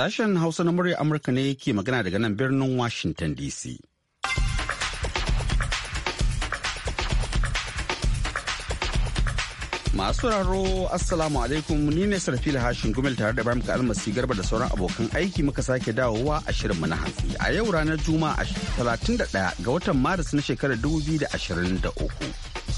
Sashen Hausa na murya Amurka ne ke magana daga nan birnin Washington DC. Masu raro Assalamu alaikum ni ne da Hashin Gumel tare da Ibrahim Almasi Garba da sauran abokan aiki muka sake dawowa a shirinmu na hantsi. A yau ranar Juma'a 31 ga watan Maris na shekarar 2023.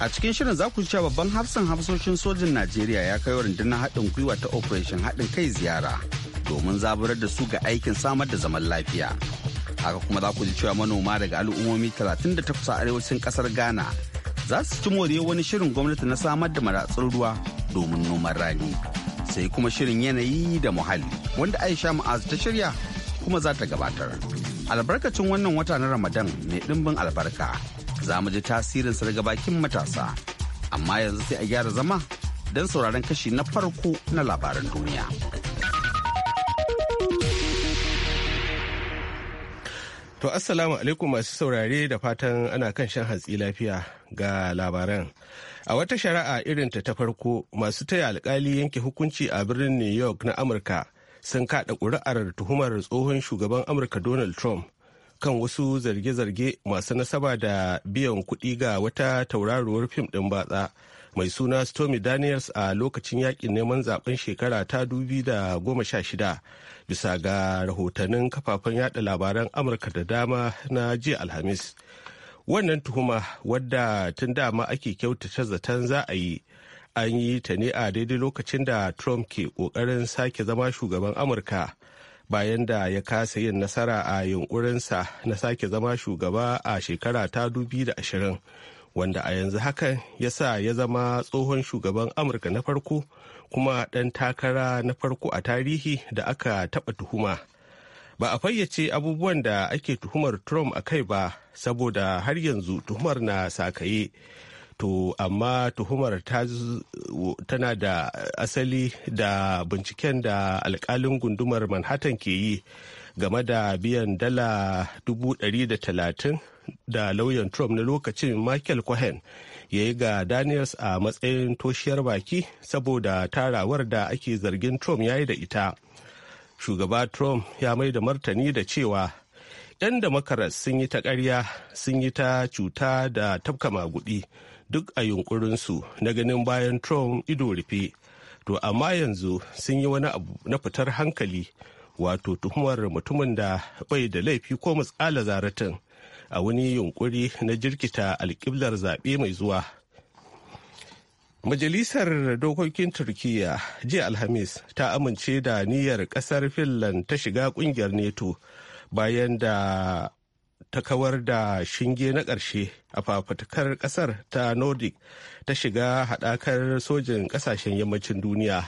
a cikin shirin za ku cewa babban hafsan hafsoshin sojin najeriya ya kai rundunar haɗin gwiwa ta operation haɗin kai ziyara domin zaburar da su ga aikin samar da zaman lafiya haka kuma za ku ji cewa manoma daga al'ummomi 38 a arewacin kasar ghana za su ci moriyar wani shirin gwamnati na samar da maratsun ruwa domin noman rani sai kuma shirin yanayi da muhalli wanda aisha ma'azu ta shirya kuma za ta gabatar albarkacin wannan wata na ramadan mai ɗimbin albarka za mu ji tasirinsa daga bakin matasa amma yanzu sai a gyara zama don sauraron kashi na farko na labaran duniya to assalamu alaikum masu saurare da fatan ana kan shan hatsi lafiya ga labaran a wata shari'a irin ta farko masu taya alkali yanke hukunci a birnin new york na amurka sun kada ƙuri'ar tuhumar tsohon shugaban amurka donald trump kan wasu zarge-zarge masu nasaba da biyan kuɗi ga wata tauraruwar fim ɗin batsa mai suna Stormy Daniels a lokacin yakin neman zaben shekara ta dubi da goma sha shida bisa ga rahotannin kafafen yada labaran Amurka da dama na jiya Alhamis. Wannan tuhuma wadda tun dama ake kyautata zaton za a yi an yi ta ne a daidai lokacin da Trump ke ƙoƙarin sake zama shugaban Amurka bayan da ya kasa yin nasara a yunkurinsa na sake zama shugaba a shekara ta ashirin wanda a yanzu hakan ya sa ya zama tsohon shugaban amurka na farko kuma ɗan takara na farko a tarihi da aka taɓa tuhuma ba a fayyace abubuwan da ake tuhumar trump a kai ba saboda har yanzu tuhumar na sakaye to amma tuhumar ta tana da asali da binciken da alkalin gundumar manhattan ke yi game da biyan dala 130 da lauyan trump na lokacin michael cohen ya yi ga daniels a matsayin toshiyar baki saboda tarawar da ake zargin trump ya yi da ita shugaba trump ya mai da martani da cewa 'yan da sun yi ta karya sun yi ta cuta da tafka maguɗi duk a yunkurinsu na ganin bayan trump ido rufe to amma yanzu sun yi wani abu na fitar hankali wato tuhumar mutumin da bai da laifi ko matsala zaratin a wani yunkuri na jirkita alkiblar zaɓe mai zuwa majalisar dokokin turkiya jiya alhamis ta amince da niyyar kasar finland ta shiga kungiyar neto bayan da ta kawar da shinge na ƙarshe a fafatakar ƙasar ta nordic ta shiga haɗakar sojin ƙasashen yammacin duniya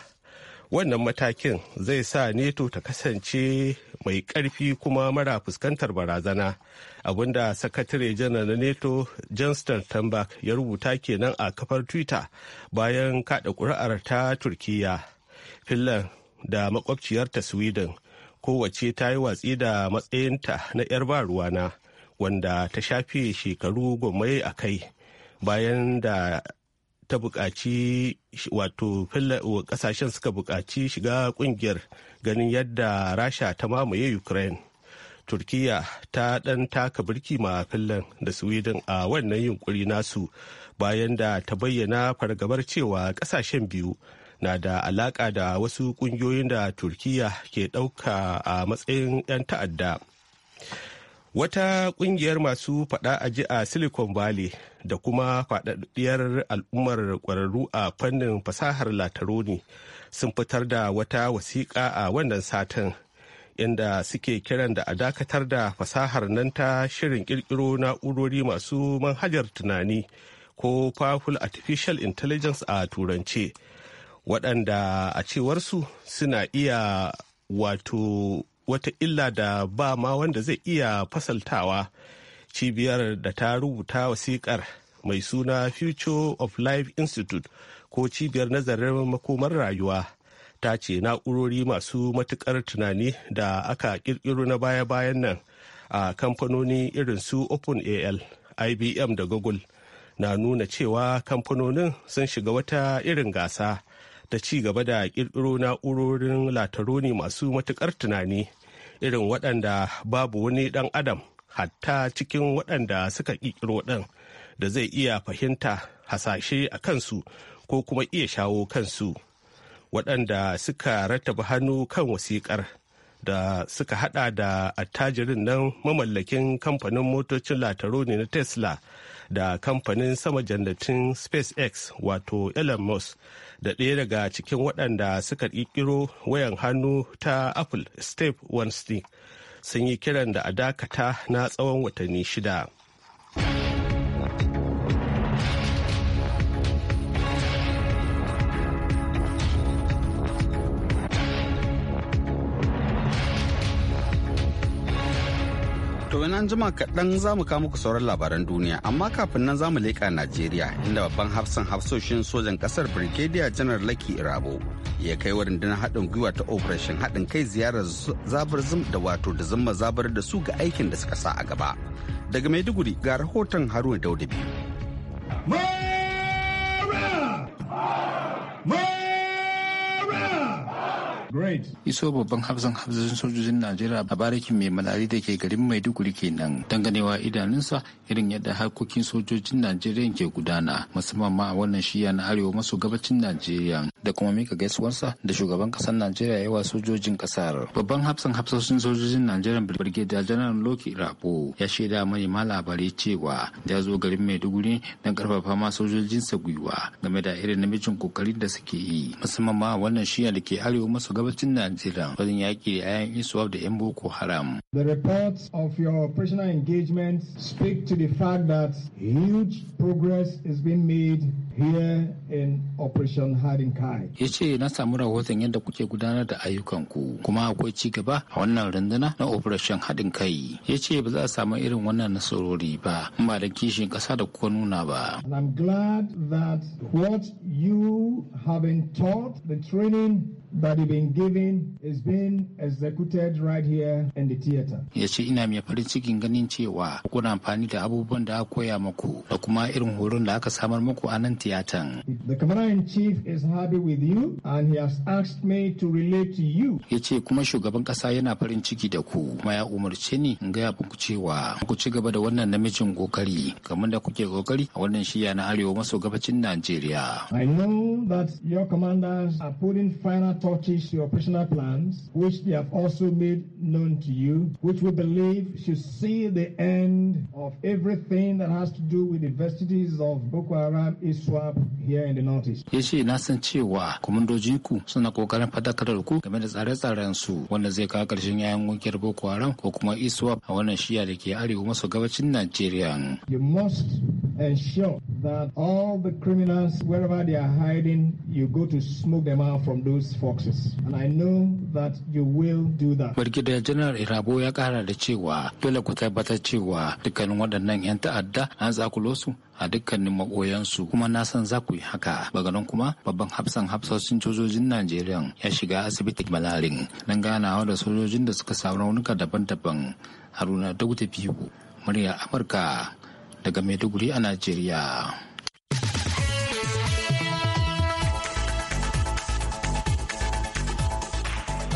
wannan matakin zai sa neto ta kasance mai ƙarfi kuma mara fuskantar barazana abinda sakatare janar na neto johnston stoltenberg ya rubuta kenan a kafar twitter bayan kaɗa ƙuri'ar ta turkiyya finland da makwabciyarta sweden kowace ta yi watsi da matsayinta na 'yar ba ruwana wanda ta shafe shekaru gwamnati a kai bayan da ta buƙaci wato ƙasashen suka bukaci shiga ƙungiyar ganin yadda rasha ta mamaye ukraine turkiya ta ɗan taka birki ma finland da sweden a wannan yunkuri nasu bayan da ta bayyana fargabar cewa ƙasashen biyu na da alaka da wasu kungiyoyin da turkiya ke ɗauka a matsayin 'yan ta'adda wata kungiyar masu fada a ji a silicon valley da kuma faɗaɗɗiyar al'ummar ƙwararru a fannin fasahar lataroni sun fitar da wata wasiƙa a wannan satin inda suke kiran da a dakatar da fasahar nan ta shirin ƙirƙiro na'urori masu manhajar tunani ko powerful artificial intelligence a turance waɗanda a cewarsu suna iya wato wata illa da ba ma wanda zai iya fasaltawa cibiyar da ta rubuta wasikar mai suna future of life institute ko cibiyar nazarin makomar rayuwa ta ce na'urori masu matuƙar tunani da aka ƙirƙiro na baya-bayan nan a kamfanoni irin su openal ibm da google na nuna cewa kamfanonin sun shiga wata irin gasa ta ci gaba da ƙirƙiro na'urorin lataroni masu matuƙar tunani irin waɗanda babu wani ɗan adam hatta cikin waɗanda suka ƙirƙiro ɗan da zai iya fahimta hasashe a kansu ko kuma iya shawo kansu waɗanda suka rattaba hannu kan wasiƙar da suka hada da attajirin nan mamallakin kamfanin motocin lataroni na tesla da kamfanin sama jannatin spacex wato elon musk da ɗaya daga cikin waɗanda suka ƙirƙiro wayan hannu ta apple steve weinstein sun yi kiran da a dakata na tsawon watanni shida nan jima kaɗan za mu kawo muku sauran labaran duniya amma kafin nan za mu leƙa najeriya inda babban hafsan hafsoshin sojan ƙasar brigadier janar laki irabo ya kai wa rundunar haɗin gwiwa ta operation haɗin kai ziyarar zabar zum da wato da zumma zabar da su ga aikin da suka sa a gaba daga maiduguri ga rahoton haruna daudabi Iso babban hafsan hafsan sojojin Najeriya a barikin mai malari da ke garin Maiduguri kenan danganewa idanunsa irin yadda harkokin sojojin Najeriya ke gudana musamman ma a wannan shiya na arewa maso gabacin Najeriya da kuma mika gaisuwarsa da shugaban kasar Najeriya ya wa sojojin kasar. Babban hafsan hafsoshin sojojin Najeriya Brigadier General Loki Rabo ya shaida ma labarai cewa ya zo garin Maiduguri na karfafa ma sojojinsa gwiwa game da irin namijin kokari da suke yi musamman ma wannan shiya da ke arewa masu gabacin Najeriya wajen yaƙi da 'ya'yan isuwa da 'yan Boko Haram. The reports of your operational engagement speak to the fact that huge progress is being made here in Operation Harding Camp. ya ce na samu rahoton yadda kuke gudanar da ayyukanku kuma akwai ci gaba a wannan runduna na operation haɗin kai ya ce ba za a samu irin wannan nasarori ba in ba da kishin ƙasa da kuka nuna ba. I'm glad that what you have been taught, the training that he been given is being executed right here in the theater. Ya ce ina mai farin cikin ganin cewa kuna amfani da abubuwan da aka koya muku da kuma irin horon da aka samar muku a nan tiyatan. The camera in chief is happy with you and he has asked me to relate to you. Ya ce kuma shugaban kasa yana farin ciki da ku kuma ya umarce ni in gaya muku cewa ku ci gaba da wannan namijin kokari kamar da kuke kokari a wannan shiya na arewa maso gabacin Najeriya. I know that your commanders are putting final touches your operational plans, which they have also made known to you, which we believe should see the end of everything that has to do with the vestiges of Boko Haram ISWAP here in the Northeast. Ya ce na san cewa suna kokarin fadakarwar ku game da tsare-tsaren su wanda zai kawo karshen yayan kungiyar Boko Haram ko kuma ISWAP a wannan shiya da ke arewa maso gabacin Najeriya. You must ensure that all the criminals wherever they are hiding, you go to smoke them out from those four boxes. And Irabo ya kara da cewa dole ku tabbatar cewa dukkanin waɗannan 'yan ta'adda an zakulo su a dukkanin makoyansu kuma na san za ku yi haka bagaran kuma babban hafsan hafsoshin sojojin najeriya ya shiga asibitin malarin don ganawa da sojojin da suka samu raunuka daban-daban haruna dagutafiyu murya amurka daga maiduguri a najeriya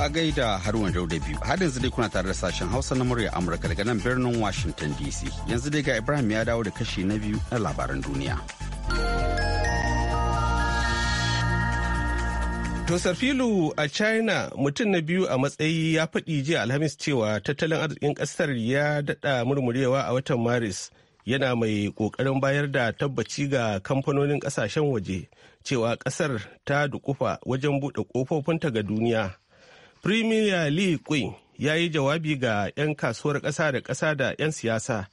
a gaida Haruna Dauda biyu. hadin yanzu kuna tare da sashen Hausa na murya Amurka daga nan birnin Washington DC. Yanzu dai ga Ibrahim ya dawo da kashi na biyu na labaran duniya. tosafilu a China mutum na biyu a matsayi ya faɗi jiya Alhamis cewa tattalin arzikin ƙasar ya daɗa murmurewa a watan Maris yana mai ƙoƙarin bayar da tabbaci ga kamfanonin ƙasashen waje cewa ƙasar ta dukufa wajen buɗe ƙofofinta ga duniya premier Li queen ya yi jawabi ga 'yan kasuwar ƙasa da ƙasa da 'yan siyasa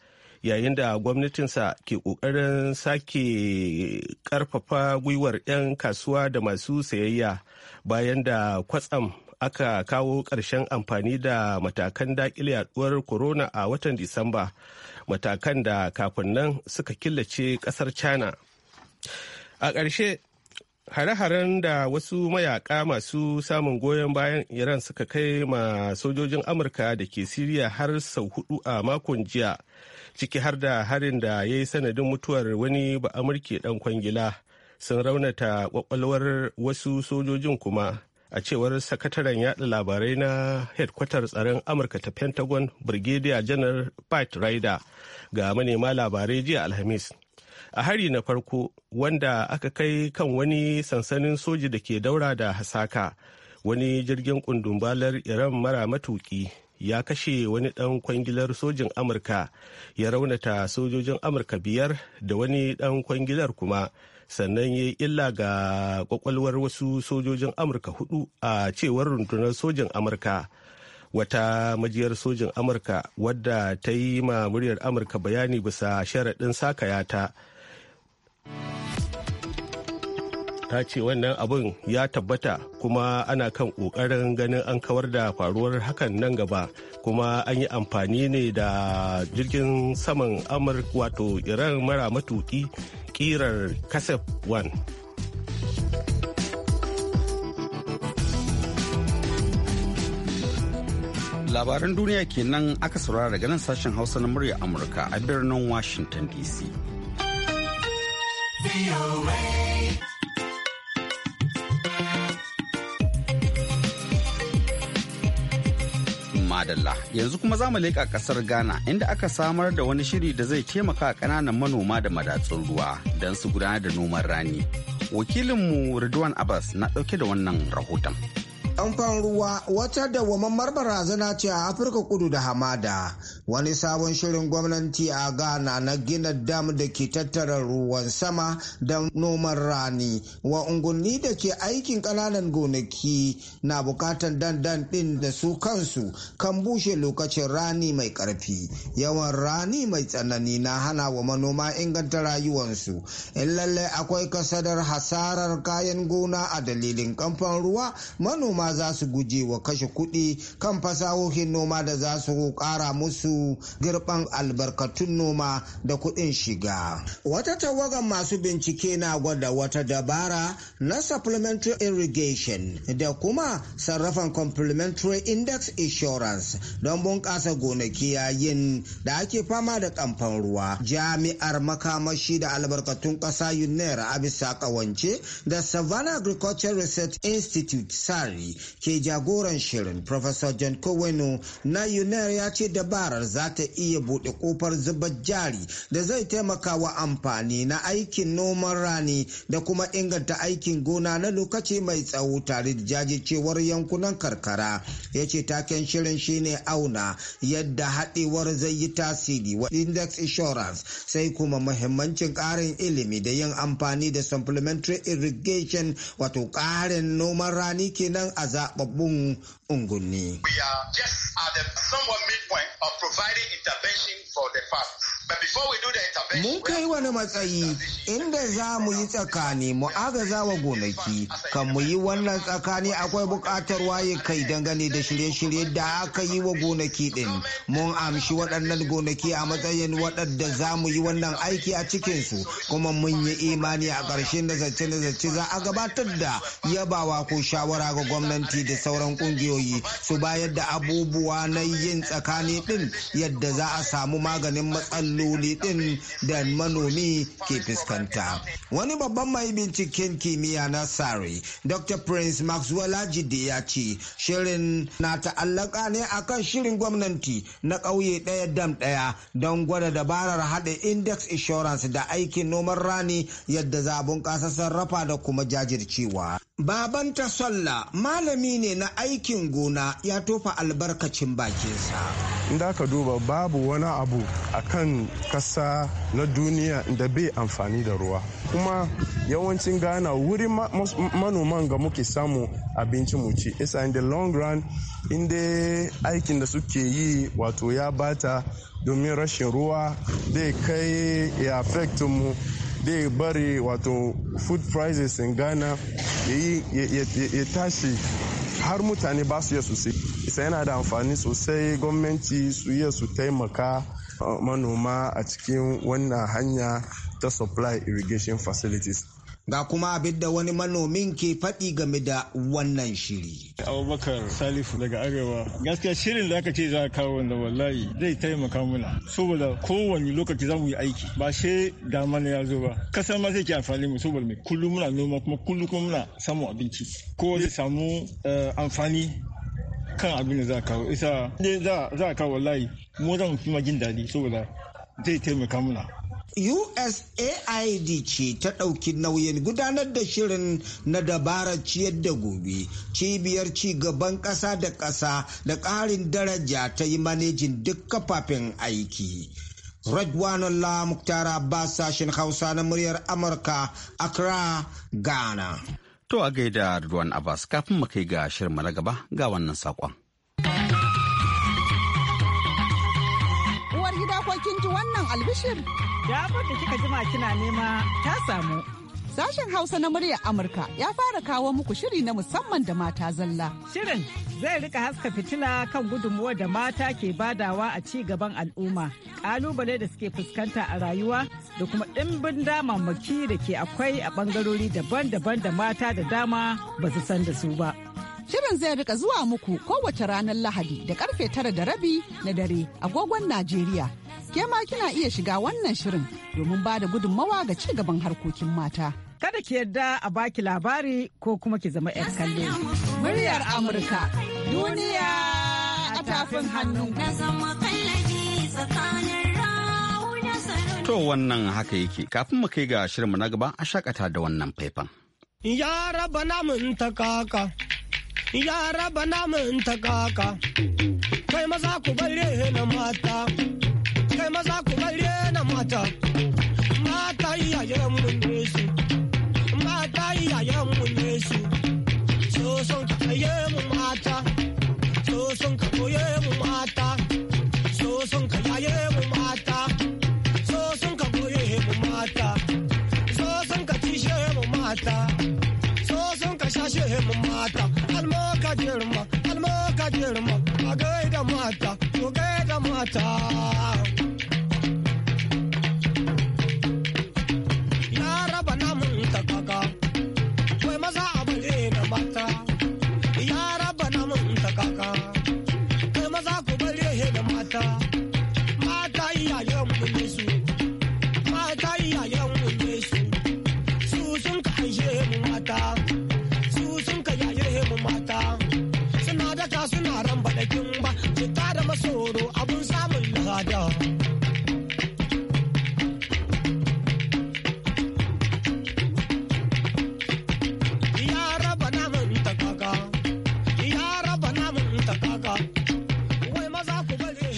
yayin da gwamnatinsa ke ƙoƙarin sake ƙarfafa gwiwar 'yan kasuwa da masu sayayya bayan da kwatsam aka kawo ƙarshen amfani da matakan daƙile yaduwar corona a watan disamba matakan da kafin nan suka killace ƙasar china a ƙarshe hare-haren da wasu mayaka masu samun goyon bayan iran suka kai ma sojojin amurka da ke siriya har sau hudu a makon jiya ciki har da harin da ya yi sanadin mutuwar wani ba amurke dan kwangila sun raunata kwakwalwar wasu sojojin kuma a cewar sakataren yada labarai na hedkwatar tsaron amurka ta pentagon brigadier janar pat ryder ga manema labarai jiya alhamis a hari na farko wanda aka kai kan wani sansanin soji da ke daura da hasaka wani jirgin kundumbalar iran mara matuki ya kashe wani ɗan kwangilar sojin amurka ya raunata sojojin amurka biyar da wani ɗan kwangilar kuma sannan ya yi illa ga kwakwalwar wasu sojojin amurka hudu a cewar rundunar sojin amurka wata majiyar sojin amurka wadda ta yi ma muryar amurka bayani bisa sharaɗin sakayata ta ce wannan abun ya tabbata kuma ana kan ƙoƙarin ganin an kawar da faruwar hakan nan gaba kuma an yi amfani ne da jirgin saman amurka wato iran mara matuki kirar kasef 1 labaran duniya kenan aka saurara daga nan sashen hausa na murya amurka a birnin washington dc Madalla yanzu kuma za mu leƙa ƙasar Ghana inda aka samar da wani shiri da zai taimaka ƙananan manoma da madatsun ruwa don su gudanar da noman rani. Wakilinmu Ridwan Abbas na ɗauke da wannan rahoton. Kamfan ruwa wata dawwammamar barazana ce a Afirka kudu da hamada. Wani sabon shirin gwamnati a Ghana na gina dam da ke tattara ruwan sama da noman rani wa ungunni da ke aikin ƙananan gonaki na bukatan dandan ɗin da su kansu kan bushe lokacin rani mai ƙarfi. Yawan rani mai tsanani na hana wa manoma inganta rayuwansu. In lallai akwai kasadar hasarar kayan gona a dalilin kamfan ruwa manoma za su guje wa kashe kuɗi kan fasahohin noma da za su ƙara musu girban albarkatun noma da kuɗin shiga. Wata tawagar masu bincike na gwada wata dabara na supplementary irrigation da kuma sarrafan complementary index insurance don bunƙasa gonaki yayin da ake fama da kamfan ruwa. Jami'ar makamashi da albarkatun ƙasa UNER a bisa ƙawance da Savannah Agriculture Research Institute SARI ke jagoran shirin Professor John kowenu na UNER ya ce dabarar za ta iya buɗe kofar zubar jari da zai taimaka wa amfani na aikin noman rani da kuma inganta aikin gona na lokaci mai tsawo tare da jajircewar yankunan karkara. Ya ce taken shirin shine auna yadda haɗewar zai yi tasiri wa index insurance sai kuma mahimmancin ƙarin ilimi da yin amfani da supplementary irrigation wato ƙarin noman rani kenan a zababbun unguwanni. point of mun kai wani matsayi inda za mu yi tsakani mu agaza wa gonaki kan mu yi wannan tsakani akwai buƙatar waye kai dangane da shirye-shirye da aka yi wa gonaki din mun amshi waɗannan gonaki a matsayin waɗanda za mu yi wannan aiki a cikinsu kuma mun yi imani a ƙarshen nazarce-nazarce za a gabatar da yabawa ko shawara ga gwamnati da sauran ƙungiyoyi su bayar da abubuwa na yin tsakani amfani din yadda za a samu maganin matsaloli din da manomi ke fuskanta wani babban mai binciken kimiyya na sare dr prince maxwell ajide ya ce shirin na ta'allaka ne akan shirin gwamnati na ƙauye ɗaya dam ɗaya don gwada dabarar haɗa index insurance da aikin noman rani yadda za a bunƙasa sarrafa da kuma jajircewa Babanta Sallah malami ne na aikin gona ya tofa albarkacin bakinsa. Inda ka duba babu wani abu a kan ƙasa na duniya da bai amfani da ruwa. Kuma yawancin Ghana wuri manoman ga muke samu abinci mu ci. Isa in the long run inda aikin da suke yi wato ya bata domin rashin ruwa zai kai ya affect mu ya bari wato food prices in ghana ya tashi har mutane ba su iya su isa yana da amfani sosai gwamnati su iya su taimaka uh, manoma a cikin wannan hanya ta supply irrigation facilities Ga kuma abin da wani manomin ke faɗi game da wannan shiri. Abubakar Salifu daga Arewa. Gaskiya shirin da aka ce za a kawo wanda wallahi zai taimaka mana. Saboda kowane lokaci za mu yi aiki. Ba she dama ne ya zo ba. Kasar ma zai ke amfani mu saboda mai kullum muna noma kuma kullum kuma muna samun abinci. Kowa zai samu eh, amfani kan abin da za a kawo isa za a kawo wallahi mu zan fi jin daɗi saboda zai taimaka mana. USAID ce ta ɗauki nauyin gudanar da shirin na dabarar ciyar da gobe. Cibiyar ci gaban ƙasa da ƙasa da ƙarin daraja ta yi manejin duk kafafen aiki. Allah muktara Abbas sashen Hausa na muryar Amurka, Accra, Ghana. To a gaida Rajwan Abbas kafin mu kai ga shirin na gaba ga wannan saƙon. Uwar gida ko ji wannan albishir? damar da kika jima kina nema ta samu. Sashen Hausa na muryar Amurka ya fara kawo muku shiri na musamman da mata zalla. Shirin zai rika haska fitila kan gudunmuwa da mata ke badawa a ci gaban al'umma, kalubale da suke fuskanta a rayuwa da kuma ɗimbin damammaki da ke akwai a ɓangarori daban-daban da mata da dama ba su san da su ba. Shirin zai rika zuwa muku kowace ranar Lahadi da karfe tara da rabi na dare agogon Najeriya ke ma kina iya shiga wannan shirin domin ba da gudunmawa ga ci gaban harkokin mata. Kada ki yarda a baki labari ko kuma ki zama 'yar kallo. Muryar Amurka, duniya a tafin hannu. To wannan haka yake, kafin mu kai ga shirinmu na gaba a shakata da wannan faifan. Ya raba namun ta kaka, ya raba namun ta kaka, kai maza ku bare na mata. maza ku bare na mata mata iyayen mu ne su mata iyayen mu ne su so son ka kaye mu mata so son ka koye mu mata so son ka yaye mu mata so son ka koye mu mata so son ka tishe mu mata so son ka shashe mu mata almo ka girma almo ka girma a gaida mata ko gaida mata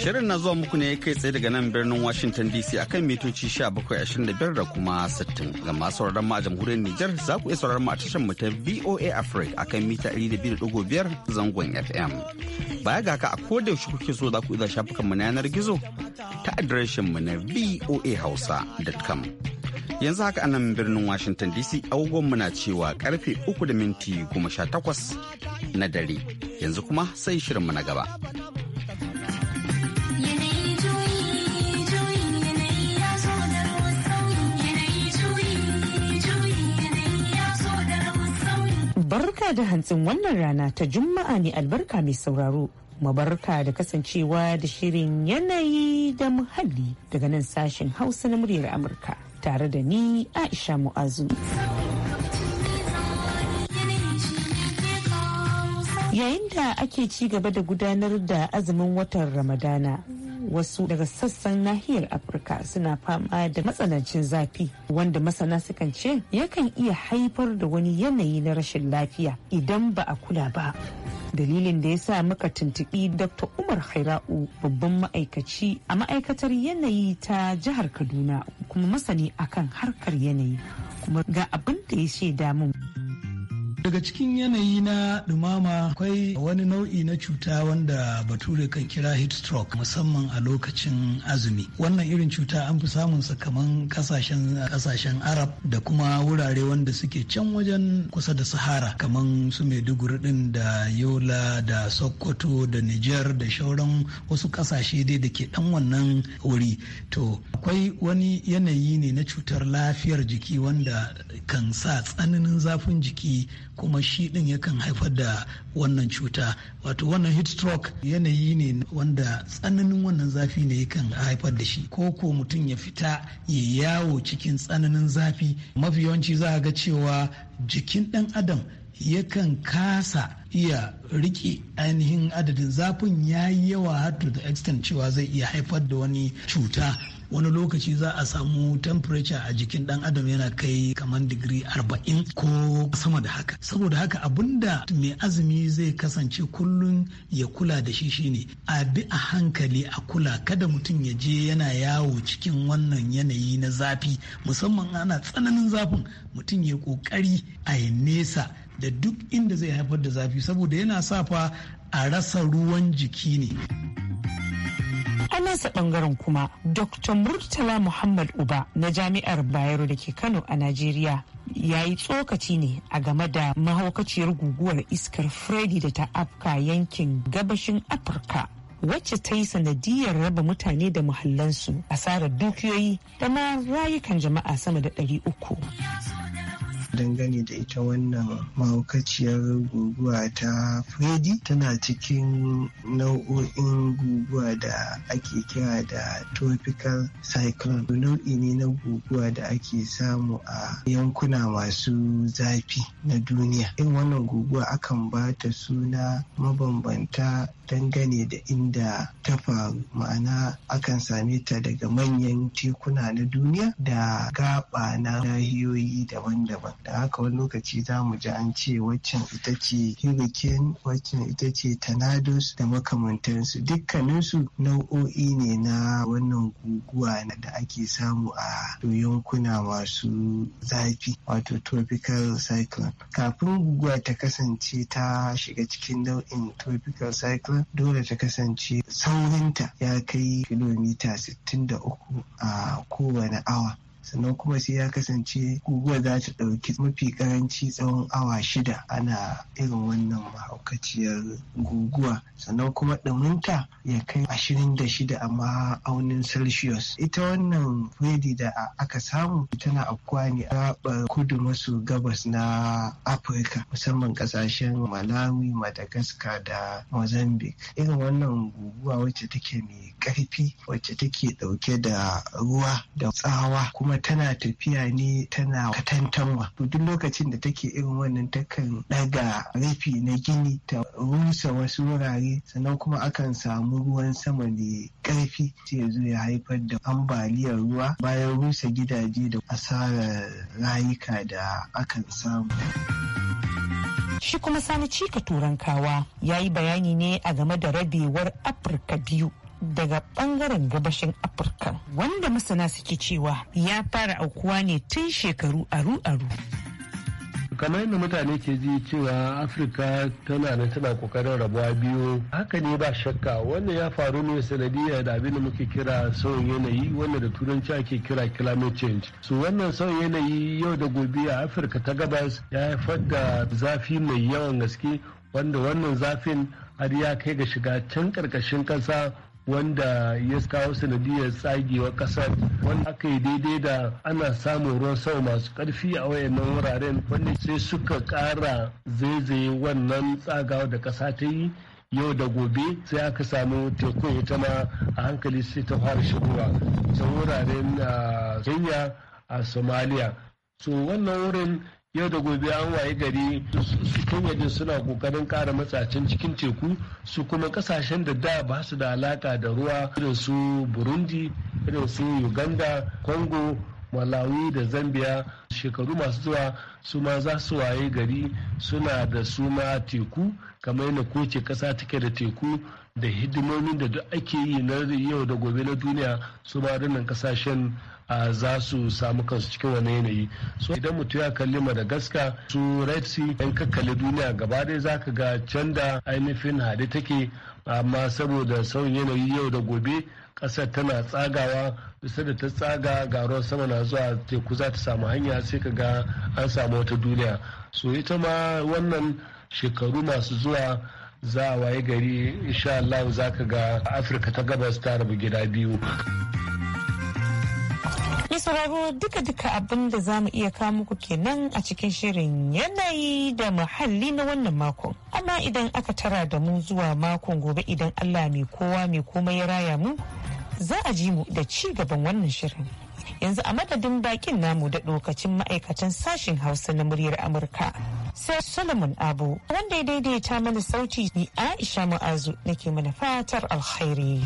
Shirin na zuwa muku ne kai tsaye daga nan birnin Washington DC akan mitoci 1725 da kuma 60. Ga masu sauraron mu a jamhuriyar Nijar za ku iya sauraron mu a tashar mu ta VOA Africa akan mita 200.5 zangon FM. Baya ga haka a koda yaushe kuke so za ku iya shafukan mu na yanar gizo ta adireshin mu na voahausa.com. Yanzu haka anan birnin Washington DC agogon mu na cewa karfe 3 da minti 18 na dare. Yanzu kuma sai shirin mu na gaba. Barka da hantsin wannan rana ta Juma'a ne albarka mai sauraro. Mabarka da kasancewa da shirin yanayi da muhalli daga nan sashen Hausa na muryar Amurka tare da ni Aisha Mu'azu. Yayin da ake ci gaba da gudanar da azumin watan Ramadana, wasu daga sassan nahiyar afirka suna fama da matsanancin zafi wanda masana sukan ce yakan iya haifar da wani yanayi na rashin lafiya idan ba a kula ba dalilin da ya sa muka tuntuɓi dr umar haira'u babban ma'aikaci a ma'aikatar yanayi ta jihar kaduna kuma masani akan harkar yanayi kuma ga abin da ya shaida mun daga cikin yanayi na dumama akwai wani nau'i na cuta wanda bature kan kira heat stroke musamman a lokacin azumi wannan irin cuta an fi samun sa kaman kasashen kasashen arab da kuma wurare wanda suke can wajen kusa da sahara kaman su maiduguri din da yola da sokoto da niger da shauran wasu kasashe dai da ke dan wannan wuri to akwai wani yanayi ne na cutar lafiyar jiki wanda kan sa tsananin zafin jiki kuma shi din yakan haifar da wannan cuta wato wannan heat stroke yanayi ne wanda tsananin wannan zafi ne yakan haifar da shi ko ko mutum ya fita ya yawo cikin tsananin zafi mafi yawanci za a ga cewa jikin dan adam yakan kasa iya riƙe ainihin adadin zafin ya yi yawa har to the extent cewa zai iya haifar da wani cuta wani lokaci za a samu temperature a jikin dan adam yana kai kamar digiri 40 ko sama da haka saboda haka abinda mai azumi zai kasance kullum ya kula da shi shine a bi a hankali a kula kada mutum ya je yana yawo cikin wannan yanayi na zafi musamman ana tsananin zafin mutum ya kokari a nesa da duk inda zai haifar da zafi saboda yana sa fa a rasa ruwan jiki ne. a nasa bangaren kuma dr murtala muhammad uba na jami'ar bayero da ke kano a najeriya ya yi tsokaci ne a game da mahaukaciyar guguwar iskar freddy da ta afka yankin gabashin afirka wacce ta yi sanadiyar raba mutane da muhallansu asarar dukiyoyi da ma rayukan jama'a sama da 300 dangane da ita wannan mahaukaciyar guguwa ta Fredi tana cikin nau'o'in guguwa da ake kira da tropical cyclone nau'i ne na guguwa da ake samu a yankuna masu zafi na duniya In wannan guguwa akan ba ta suna mabambanta dangane da inda ta faru ma'ana akan same ta daga manyan tekuna na duniya da gaba na nahiyoyi daban-daban da haka wani lokaci za mu ji an ce waccan ita ce hurricane waccan ita ce tornadoes da makamantansu dukkaninsu nau'o'i ne na wannan guguwa da ake samu a yankuna masu zafi wato tropical cyclone kafin guguwa ta kasance ta shiga cikin nau'in tropical cyclone dole ta kasance saurinta ya kai kilomita 63 a kowane awa sannan kuma sai ya kasance guguwa za ta ɗauki mafi karanci tsawon awa shida ana irin wannan mahaukaciyar guguwa sannan kuma ɗuminta ya kai ashirin da shida amma aunin celsius ita wannan Freddy da aka samu tana afkuwa ne a kudu maso gabas na afirka musamman ƙasashen malawi madagascar da mozambique irin wannan guguwa wacce take mai ƙarfi wacce take ɗauke da ruwa da tsawa kuma kuma tana tafiya ne tana katantanwa to duk lokacin da take irin wannan takan daga rufi na gini ta rusa wasu wurare sannan kuma akan samu ruwan sama mai karfi sai ya zo ya haifar da ambaliyar ruwa bayan rusa gidaje da asarar rayuka da akan samu. Shi kuma sani cika turankawa ya yi bayani ne a game da rabewar Afirka biyu daga bangaren gabashin afirka wanda masana suke cewa ya fara aukuwa ne tun shekaru aru-aru kamar yadda mutane ke ji cewa afirka tana nan tana kokarin rabuwa biyu haka ne ba shakka wannan ya faru ne sanadiyar da abin da muke kira sauyin yanayi wanda da turanci ake kira climate change su wannan sauyin yanayi yau da gobe a afirka ta gabas ya haifar da zafi mai yawan gaske wanda wannan zafin har ya kai ga shiga can karkashin kasa wanda ya kawo sanadiyar tsagewa kasar wanda aka yi daidai da ana samun ruwan sama masu karfi a wayannan wuraren wanda sai suka kara zaizaye wannan tsagawa da kasa ta yi yau da gobe sai aka samu teku ita ma a hankali sai ta fara shigowa ta wuraren ah, kenya a somalia so wannan wurin yau da gobe an waye gari su waje suna kokarin kara matsacin cikin teku su kuma kasashen da da ba su da alaka da ruwa irin su burundi irin su uganda congo malawi da zambia shekaru masu zuwa su ma za su waye gari suna da su ma teku kamar yadda kowace kasa take da teku da hidimomin da duk ake yi na yau da gobe na duniya su ma kasashen za su samu kansu cikin wani yanayi so idan mutum ya kalli madagascar su red sea yan kakkali duniya gaba dai za ka ga can da ainihin hade take amma saboda sauyin yanayi yau da gobe ƙasar tana tsagawa bisa da ta tsaga ga ruwan sama na zuwa teku za ta samu hanya sai ka ga an samu wata duniya so ita ma wannan shekaru masu zuwa za a waye gari insha Allah za ka ga afirka ta gabas ta rabu gida biyu Mai sauraro duka-duka abin da za mu iya kawo muku kenan a cikin shirin yanayi da muhalli na wannan makon. Amma idan aka tara da mu zuwa makon gobe idan Allah mai kowa mai komai ya raya mu, za a ji mu da ci gaban wannan shirin. yanzu a madadin bakin namu da lokacin ma'aikatan sashen hausa na muryar amurka sai solomon abu wanda ya daidaita mana sauti ni aisha mu'azu nake mana fatar alkhairi.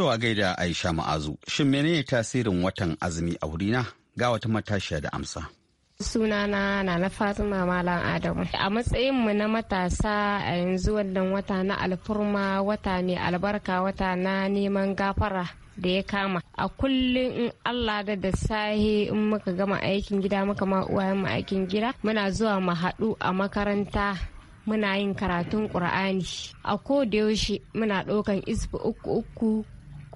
To a gaida Aisha Ma'azu, shin menene tasirin watan azumi a wurina ga wata matashiya da amsa. sunana na na fatima malam adamu a matsayin mu na matasa a yanzu wannan wata na alfurma wata ne albarka wata na neman gafara da ya kama a kullum in allah da da sahi in muka gama aikin gida muka ma uwayen mu aikin gida muna zuwa mu haɗu a makaranta muna yin karatun ƙur'ani a ko da yaushe muna ɗaukan isbi uku uku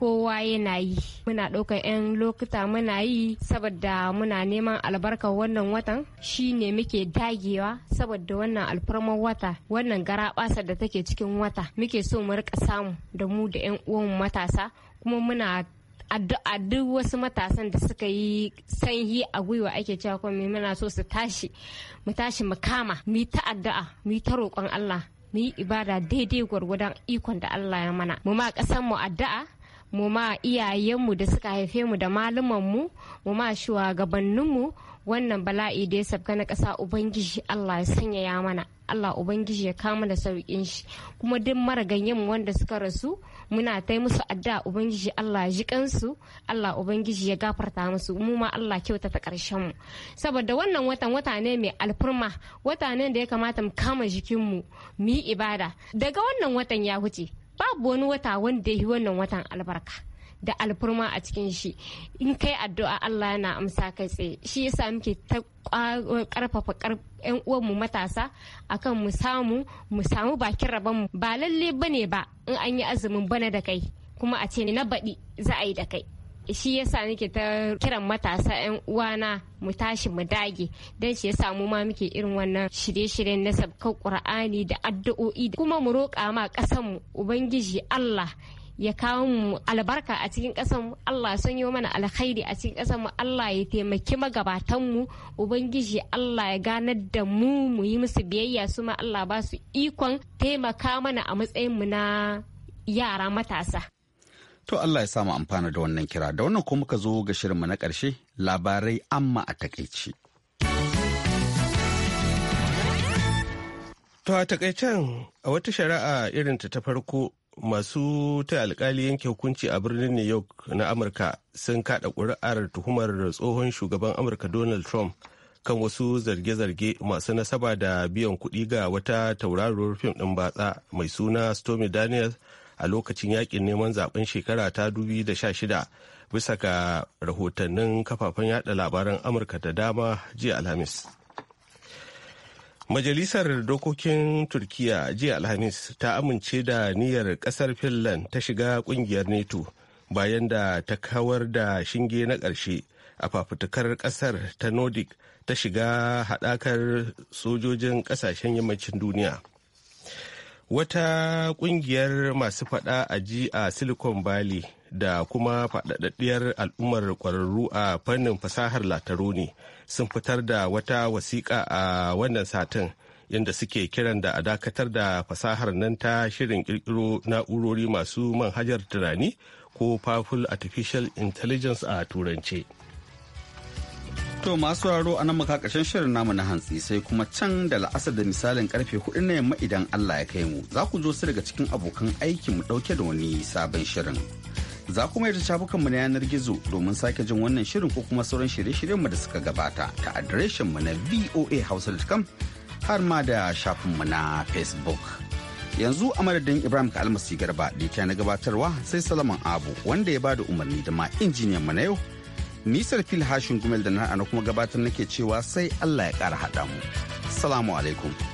kowa yana yi muna ɗaukar 'yan lokuta muna yi saboda muna neman albarkar wannan watan shi ne muke dagewa saboda wannan alfarmar wata wannan garaɓasa da take cikin wata muke so mu rika samu da mu da 'yan uwan matasa kuma muna duk wasu matasan da suka yi sanyi a gwiwa ake cewa kuma mai muna so su tashi mu tashi mu kama mu ta addu'a mu ta roƙon Allah mu yi ibada daidai gwargwadon ikon da Allah ya mana mu ma kasan mu addu'a mu ma iyayenmu da suka haife mu da malumanmu mu ma shugabanninmu wannan bala'i da ya sabka na ƙasa ubangiji allah ya sanya ya mana allah ubangiji ya kama da sauƙin shi kuma duk mara mu wanda suka rasu muna ta musu adda ubangiji allah ji kansu allah ubangiji ya gafarta musu mu ma allah kyauta ta ƙarshen mu saboda wannan watan wata ne mai alfurma wata ne da ya kamata mu kama jikinmu mu yi ibada daga wannan watan ya huce babu wani wata wanda ya yi wannan watan albarka da alfurma a cikin shi in kai addu'a Allah yana amsa kai tsaye shi yasa muke ta karfafa yan uwanmu matasa akan mu samu mu samu bakin rabon mu ba lalle bane ba in an yi azumin bana da kai kuma a ce na baɗi za a yi da kai shi yasa nake ta kiran matasa 'yan uwana mu tashi mu dage don shi yasa mu ma muke irin wannan shirye-shiryen na sabkar qur'ani da addu'o'i kuma mu roƙa ma ƙasan ubangiji Allah ya kawo mu albarka a cikin mu Allah sanyo mana alkhairi a cikin mu Allah ya taimaki magabatanmu ubangiji Allah ya ganar da mu mu yi musu biyayya su ma Allah ba su ikon taimaka mana a matsayinmu na yara matasa To Allah ya samu amfana da wannan kira da wannan mu ka zo ga shirinmu na ƙarshe labarai amma a takaici. To a takaicen a wata shari'a irin ta farko masu ta alkali yanke hukunci a birnin New York na Amurka sun kaɗa ƙuri'ar tuhumar tsohon shugaban Amurka Donald Trump kan wasu zarge-zarge masu nasaba da biyan kuɗi ga wata tauraruwar fim ɗin batsa mai suna Stormy Daniels a lokacin yakin neman zaben shekara ta 2016 bisa ga rahotannin kafafen yada labaran amurka da dama jiya alhamis majalisar dokokin turkiya jiya alhamis ta amince da niyyar kasar finland ta shiga kungiyar neto bayan da ta kawar da shinge na ƙarshe a fafutukar ƙasar ta nordic ta shiga haɗakar sojojin ƙasashen yammacin duniya wata kungiyar masu fada a ji a silicon valley da kuma faɗaɗɗiyar al'ummar ƙwararru a fannin fasahar lataroni sun fitar da wata wasiƙa a wannan satin yadda suke kiran da a dakatar da fasahar nan ta shirin ƙirƙiro na'urori masu manhajar tunani ko powerful artificial intelligence a turance. To masu raro a nan muka shirin namu na hantsi sai kuma can da la'asar da misalin karfe hudu na yamma idan Allah ya kai mu za ku zo su daga cikin abokan aiki mu dauke da wani sabon shirin. Za ku kuma shafukan mu na yanar gizo domin sake jin wannan shirin ko kuma sauran shirye-shiryenmu da suka gabata ta mu na voahausa.com har ma da shafin mu na Facebook. Yanzu a madadin Ibrahim Kalmasi Garba da na gabatarwa sai Salaman Abu wanda ya bada umarni da ma injiniyan mu na yau Nisar fil hashin gumel da na kuma gabatar nake cewa sai Allah ya ƙara haɗa mu. Salamu alaikum.